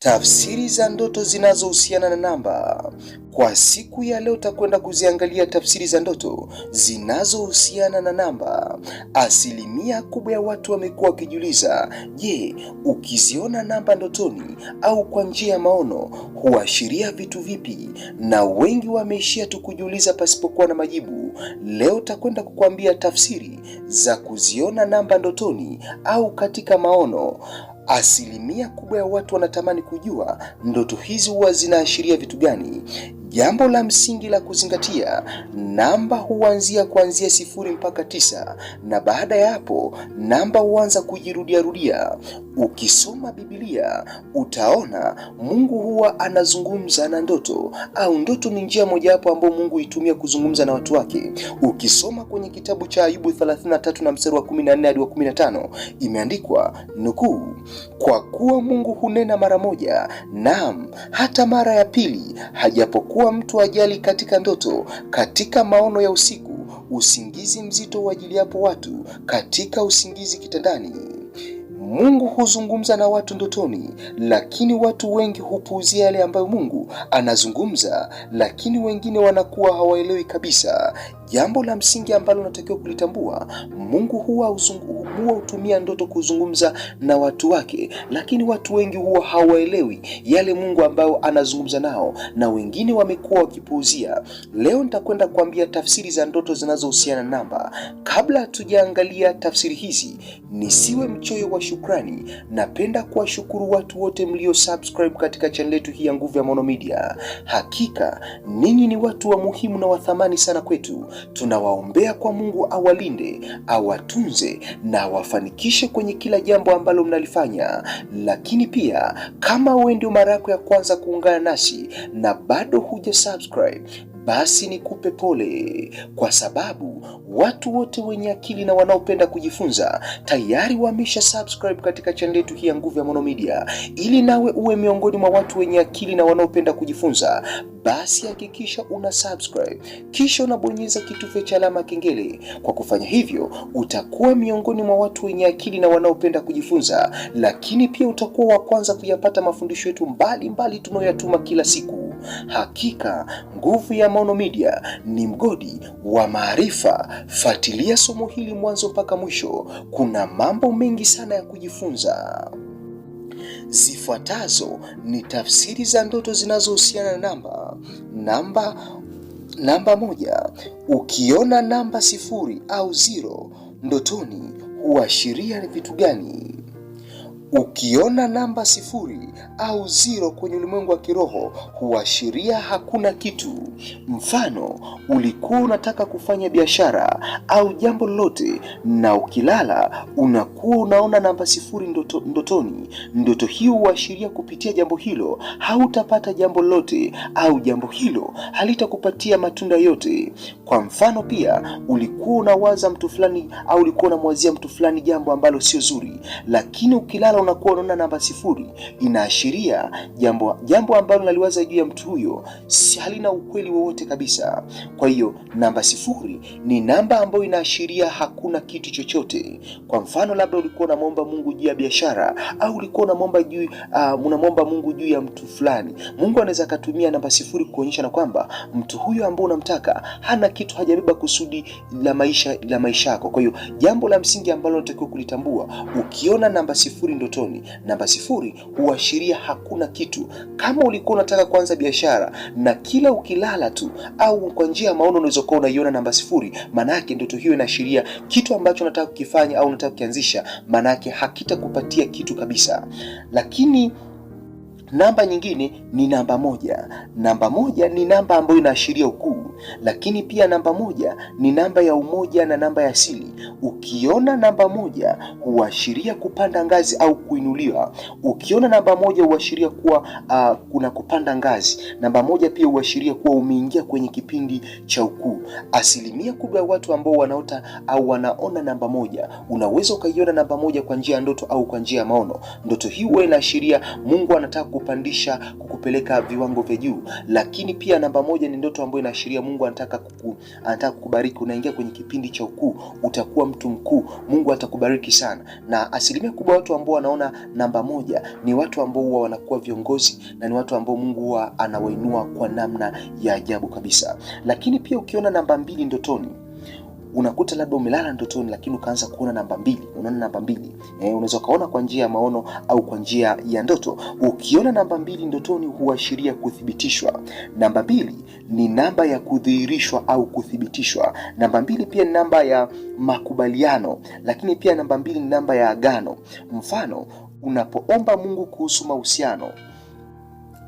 tafsiri za ndoto zinazohusiana na namba. Kwa siku ya leo utakwenda kuziangalia tafsiri za ndoto zinazohusiana na namba. Asilimia kubwa ya watu wamekuwa wakijiuliza, je, ukiziona namba ndotoni au kwa njia ya maono huashiria vitu vipi? Na wengi wameishia tu kujiuliza pasipokuwa na majibu. Leo utakwenda kukuambia tafsiri za kuziona namba ndotoni au katika maono. Asilimia kubwa ya watu wanatamani kujua ndoto hizi huwa zinaashiria vitu gani, Jambo la msingi la kuzingatia, namba huanzia kuanzia sifuri mpaka tisa, na baada ya hapo namba huanza kujirudiarudia. Ukisoma Biblia utaona Mungu huwa anazungumza na ndoto, au ndoto ni njia mojawapo ambayo Mungu huitumia kuzungumza na watu wake. Ukisoma kwenye kitabu cha Ayubu 33 na mstari wa 14 hadi wa 15, imeandikwa nukuu, kwa kuwa Mungu hunena mara moja, naam hata mara ya pili, hajapokuwa kuwa mtu ajali katika ndoto, katika maono ya usiku, usingizi mzito uajiliapo watu, katika usingizi kitandani. Mungu huzungumza na watu ndotoni, lakini watu wengi hupuuzia yale ambayo Mungu anazungumza, lakini wengine wanakuwa hawaelewi kabisa. Jambo la msingi ambalo unatakiwa kulitambua, Mungu huwa hutumia ndoto kuzungumza na watu wake, lakini watu wengi huwa hawaelewi yale Mungu ambayo anazungumza nao, na wengine wamekuwa wakipuuzia. Leo nitakwenda kuambia tafsiri za ndoto zinazohusiana namba. Kabla hatujaangalia tafsiri hizi, nisiwe mchoyo wa shukrani shukrani. Napenda kuwashukuru watu wote mlio subscribe katika channel yetu hii ya Nguvu ya Maono Media. Hakika ninyi ni watu wa muhimu na wathamani sana kwetu. Tunawaombea kwa Mungu awalinde, awatunze na awafanikishe kwenye kila jambo ambalo mnalifanya. Lakini pia kama wewe ndio mara yako ya kwanza kuungana nasi na bado huja subscribe basi nikupe pole, kwa sababu watu wote wenye akili na wanaopenda kujifunza tayari wamesha subscribe katika channel yetu hii ya Nguvu ya Maono Media. Ili nawe uwe miongoni mwa watu wenye akili na wanaopenda kujifunza, basi hakikisha una subscribe kisha unabonyeza kitufe cha alama kengele. Kwa kufanya hivyo, utakuwa miongoni mwa watu wenye akili na wanaopenda kujifunza, lakini pia utakuwa wa kwanza kuyapata mafundisho yetu mbalimbali tunayoyatuma kila siku. Hakika nguvu ya Maono Media ni mgodi wa maarifa. Fuatilia somo hili mwanzo mpaka mwisho, kuna mambo mengi sana ya kujifunza. Zifuatazo ni tafsiri za ndoto zinazohusiana na namba. Namba namba moja, ukiona namba sifuri au zero ndotoni huashiria vitu gani? Ukiona namba sifuri au zero kwenye ulimwengu wa kiroho huashiria hakuna kitu. Mfano, ulikuwa unataka kufanya biashara au jambo lolote, na ukilala unakuwa unaona namba sifuri ndoto, ndotoni. Ndoto hiyo huashiria kupitia jambo hilo hautapata jambo lolote au jambo hilo halitakupatia matunda yote. Kwa mfano, pia ulikuwa unawaza mtu fulani au ulikuwa unamwazia mtu fulani jambo ambalo sio zuri, lakini ukilala unakuwa unaona namba sifuri inaashiria jambo jambo ambalo naliwaza juu ya mtu huyo halina ukweli wowote kabisa. Kwa hiyo namba sifuri ni namba ambayo inaashiria hakuna kitu chochote. Kwa mfano, labda ulikuwa unamwomba Mungu juu ya biashara au ulikuwa unamwomba juu uh, unamwomba Mungu juu ya mtu fulani, Mungu anaweza akatumia namba sifuri kuonyesha na kwamba mtu huyo ambao unamtaka hana kitu, hajabeba kusudi la maisha la maisha yako. Kwa hiyo jambo la msingi ambalo unatakiwa kulitambua ukiona namba sifuri ndio utotoni. Namba sifuri huashiria hakuna kitu. Kama ulikuwa unataka kuanza biashara na kila ukilala tu au kwa njia ya maono unaweza kuwa unaiona namba sifuri, maana yake ndoto hiyo inaashiria kitu ambacho unataka kukifanya au unataka kukianzisha, maana yake hakitakupatia kitu kabisa, lakini Namba nyingine ni namba moja. Namba moja ni namba ambayo inaashiria ukuu, lakini pia namba moja ni namba ya umoja na namba ya asili. Ukiona namba moja huashiria kupanda ngazi au kuinuliwa. Ukiona namba moja huashiria kuwa uh, kuna kupanda ngazi. Namba moja pia huashiria kuwa umeingia kwenye kipindi cha ukuu. Asilimia kubwa ya watu ambao wanaota au wanaona namba moja, unaweza ukaiona namba moja kwa njia ya ndoto au kwa njia ya maono. Ndoto hii huwa inaashiria Mungu anataka kukupandisha, kukupeleka viwango vya juu. Lakini pia namba moja ni ndoto ambayo inaashiria Mungu anataka kuku, anataka kukubariki. Unaingia kwenye kipindi cha ukuu, utakuwa mtu mkuu, Mungu atakubariki sana. Na asilimia kubwa watu ambao wanaona namba moja ni watu ambao huwa wanakuwa viongozi na ni watu ambao Mungu huwa anawainua kwa namna ya ajabu kabisa. Lakini pia ukiona namba mbili ndotoni unakuta labda umelala ndotoni, lakini ukaanza kuona namba mbili, unaona namba mbili eh, unaweza ukaona kwa njia ya maono au kwa njia ya ndoto. Ukiona namba mbili ndotoni huashiria kuthibitishwa. Namba mbili ni namba ya kudhihirishwa au kuthibitishwa. Namba mbili pia ni namba ya makubaliano, lakini pia namba mbili ni namba ya agano. Mfano, unapoomba Mungu kuhusu mahusiano,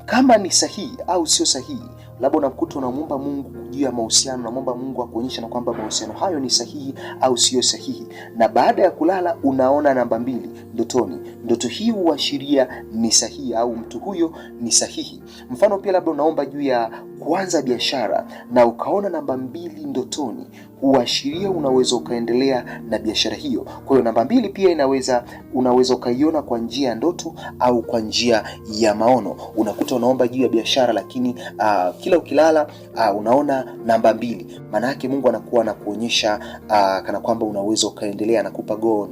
kama ni sahihi au sio sahihi labda unakuta unamwomba Mungu juu ya mahusiano, unamwomba Mungu akuonyeshe na kwamba mahusiano hayo ni sahihi au siyo sahihi, na baada ya kulala unaona namba mbili ndotoni Ndoto hii huashiria ni sahihi au mtu huyo ni sahihi. Mfano pia, labda unaomba juu ya kuanza biashara na ukaona namba mbili ndotoni, huashiria unaweza ukaendelea na biashara hiyo. Kwa hiyo namba mbili pia inaweza unaweza ukaiona kwa njia ya ndoto au kwa njia ya maono. Unakuta unaomba juu ya biashara, lakini uh, kila ukilala uh, unaona namba mbili. Maana yake Mungu anakuwa anakuonyesha uh, kana kwamba unaweza ukaendelea, anakupa go,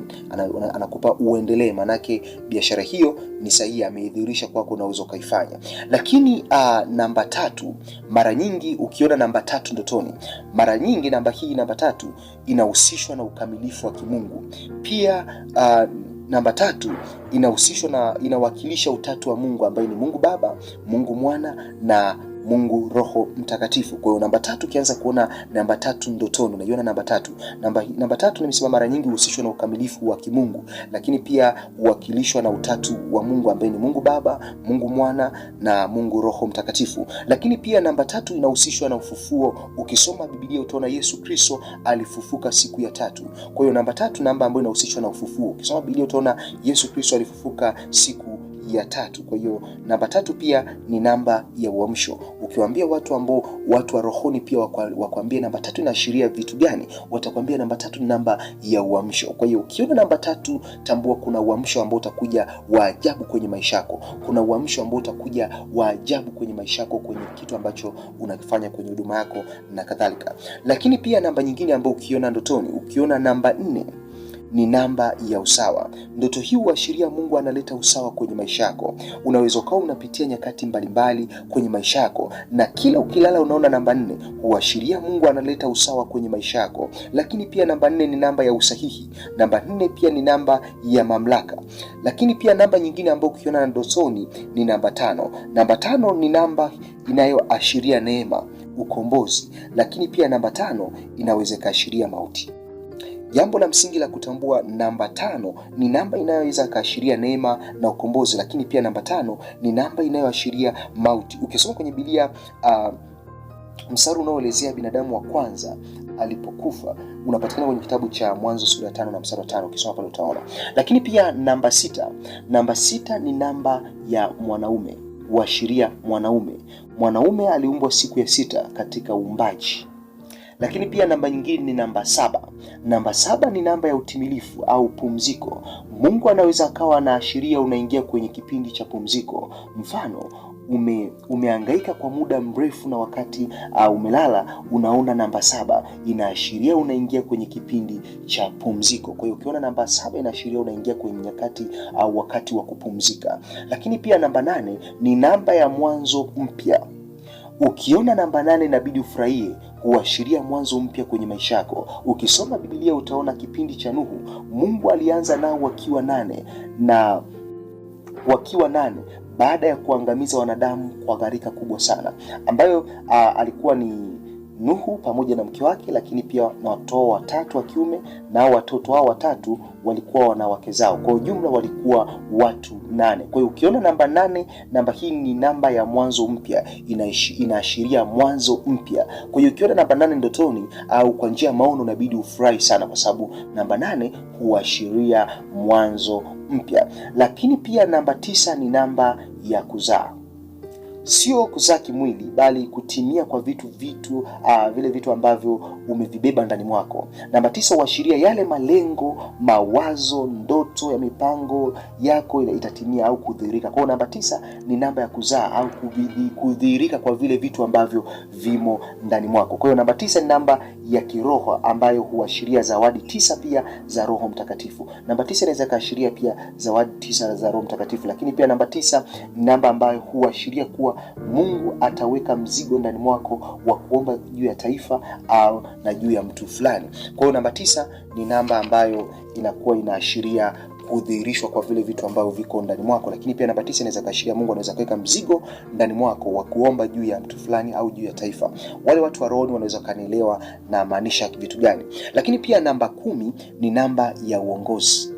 anakupa uendelee, yake biashara hiyo ni sahihi, ameidhihirisha kwako, unaweza ukaifanya. Lakini uh, namba tatu, mara nyingi ukiona namba tatu ndotoni, mara nyingi namba hii namba tatu inahusishwa na ukamilifu wa kimungu pia uh, namba tatu inahusishwa na inawakilisha utatu wa Mungu ambaye ni Mungu Baba, Mungu Mwana na Mungu Roho Mtakatifu. Kwa hiyo namba tatu, ukianza kuona namba tatu ndotoni, unaiona namba tatu. Namba, namba tatu nimesema mara nyingi huhusishwa na ukamilifu wa kimungu, lakini pia huwakilishwa na utatu wa Mungu ambaye ni Mungu Baba, Mungu Mwana na Mungu Roho Mtakatifu. Lakini pia namba tatu inahusishwa na ufufuo. Ukisoma Biblia utaona Yesu Kristo alifufuka siku ya tatu. Kwa hiyo namba tatu, namba ambayo inahusishwa na ufufuo. Ukisoma Biblia utaona Yesu Kristo alifufuka siku ya tatu. Kwa hiyo namba tatu pia ni namba ya uamsho. Ukiwaambia watu ambao watu wa rohoni pia wakwambie namba tatu inaashiria vitu gani, watakwambia namba tatu ni namba ya uamsho. Kwa hiyo ukiona namba tatu, tambua kuna uamsho ambao utakuja wa ajabu kwenye maisha yako, kuna uamsho ambao utakuja wa ajabu kwenye maisha yako, kwenye kitu ambacho unakifanya, kwenye huduma yako na kadhalika. Lakini pia namba nyingine ambayo ukiona ndotoni, ukiona namba nne ni namba ya usawa. Ndoto hii huashiria Mungu analeta usawa kwenye maisha yako. Unaweza ukawa unapitia nyakati mbalimbali kwenye maisha yako, na kila ukilala unaona namba nne, huashiria Mungu analeta usawa kwenye maisha yako. Lakini pia namba nne ni namba ya usahihi. Namba nne pia ni namba ya mamlaka. Lakini pia namba nyingine ambayo ukiona na ndotoni ni namba tano. Namba tano ni namba inayoashiria neema, ukombozi. Lakini pia namba tano inaweza ikaashiria mauti. Jambo la msingi la kutambua, namba tano ni namba inayoweza kaashiria neema na ukombozi, lakini pia namba tano ni namba inayoashiria mauti. Ukisoma kwenye Biblia uh, mstari unaoelezea binadamu wa kwanza alipokufa unapatikana kwenye kitabu cha Mwanzo sura ya tano na mstari wa tano. Ukisoma pale utaona. Lakini pia namba sita, namba sita ni namba ya mwanaume, huashiria mwanaume. Mwanaume aliumbwa siku ya sita katika uumbaji lakini pia namba nyingine ni namba saba. Namba saba ni namba ya utimilifu au pumziko. Mungu anaweza akawa anaashiria unaingia kwenye kipindi cha pumziko, mfano ume, umeangaika kwa muda mrefu na wakati uh, umelala unaona namba saba inaashiria unaingia kwenye kipindi cha pumziko. Kwa hiyo ukiona namba saba inaashiria unaingia kwenye nyakati au uh, wakati wa kupumzika. Lakini pia namba nane ni namba ya mwanzo mpya. Ukiona namba nane inabidi ufurahie, huashiria mwanzo mpya kwenye maisha yako. Ukisoma Biblia utaona kipindi cha Nuhu, Mungu alianza nao wakiwa nane na wakiwa nane baada ya kuangamiza wanadamu kwa gharika kubwa sana ambayo a, ah, alikuwa ni Nuhu pamoja na mke wake, lakini pia na watoto watatu wa kiume, na watoto hao watatu walikuwa wanawake zao. Kwa ujumla walikuwa watu nane. Kwa hiyo ukiona namba nane, namba hii ni namba ya mwanzo mpya, inaashiria mwanzo mpya. Kwa hiyo ukiona namba nane ndotoni au kwa njia ya maono, unabidi ufurahi sana, kwa sababu namba nane huashiria mwanzo mpya. Lakini pia namba tisa ni namba ya kuzaa sio kuzaa kimwili bali kutimia kwa vitu vitu uh, vile vitu ambavyo umevibeba ndani mwako. Namba tisa, huashiria yale malengo, mawazo, ndoto ya mipango yako itatimia au kudhihirika kwao. Namba tisa ni namba ya kuzaa au kudhihirika kwa vile vitu ambavyo vimo ndani mwako. Kwa hiyo namba tisa ni namba ya kiroho ambayo huashiria zawadi tisa pia za Roho Mtakatifu. Namba tisa inaweza kaashiria pia zawadi tisa za Roho Mtakatifu, lakini pia namba tisa namba ambayo huashiria kuwa kuwa Mungu ataweka mzigo ndani mwako wa kuomba juu ya taifa au na juu ya mtu fulani. Kwa hiyo namba tisa ni namba ambayo inakuwa inaashiria kudhihirishwa kwa vile vitu ambavyo viko ndani mwako, lakini pia namba tisa inaweza kashiria Mungu anaweza kuweka mzigo ndani mwako wa kuomba juu ya mtu fulani au juu ya taifa. Wale watu wa rohoni wanaweza kanielewa na maanisha vitu gani, lakini pia namba kumi ni namba ya uongozi.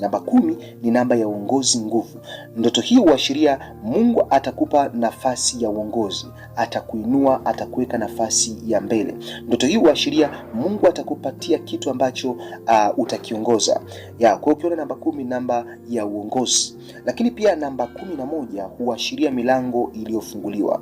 Namba kumi ni namba ya uongozi nguvu. Ndoto hii huashiria Mungu atakupa nafasi ya uongozi, atakuinua, atakuweka nafasi ya mbele. Ndoto hii huashiria Mungu atakupatia kitu ambacho uh, utakiongoza. Ya, kwa ukiona namba kumi, namba ya uongozi. Lakini pia namba kumi na moja huashiria milango iliyofunguliwa.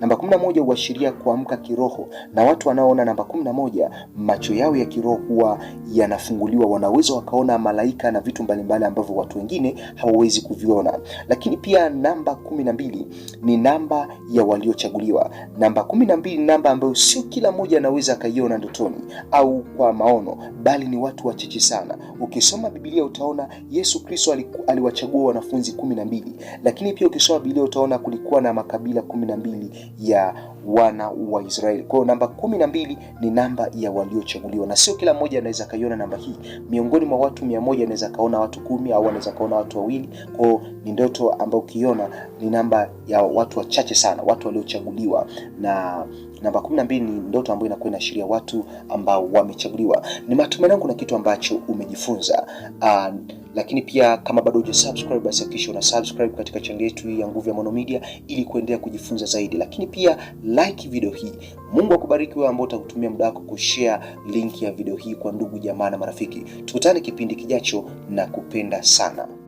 Namba kumi na moja huashiria kuamka kiroho, na watu wanaoona namba kumi na moja macho yao ya kiroho huwa yanafunguliwa, wanaweza wakaona malaika na vitu mbalimbali ambavyo watu wengine hawawezi kuviona. Lakini pia namba kumi na mbili ni namba ya waliochaguliwa. Namba kumi na mbili ni namba ambayo sio kila mmoja anaweza akaiona ndotoni au kwa maono, bali ni watu wachache sana. Ukisoma Biblia utaona Yesu Kristo aliwachagua wanafunzi kumi na mbili, lakini pia ukisoma Biblia utaona kulikuwa na makabila kumi na mbili ajili ya wana wa Israeli. Kwa hiyo namba kumi na mbili ni namba ya waliochaguliwa, na sio kila mmoja anaweza kaiona namba hii. Miongoni mwa watu mia moja anaweza kaona watu kumi au anaweza kaona watu wawili. Kwa hiyo ni ndoto ambayo ukiona ni namba ya watu wachache sana, watu waliochaguliwa na Namba 12 ni ndoto ambayo inakuwa inaashiria watu ambao wamechaguliwa. Ni matumaini yangu kuna kitu ambacho umejifunza uh, lakini pia kama bado huja subscribe basi hakikisha una subscribe katika channel yetu hii ya Nguvu ya Maono Media ili kuendelea kujifunza zaidi, lakini pia like video hii. Mungu akubariki wewe ambao utakutumia muda wako kushare link ya video hii kwa ndugu jamaa na marafiki. Tukutane kipindi kijacho na kupenda sana.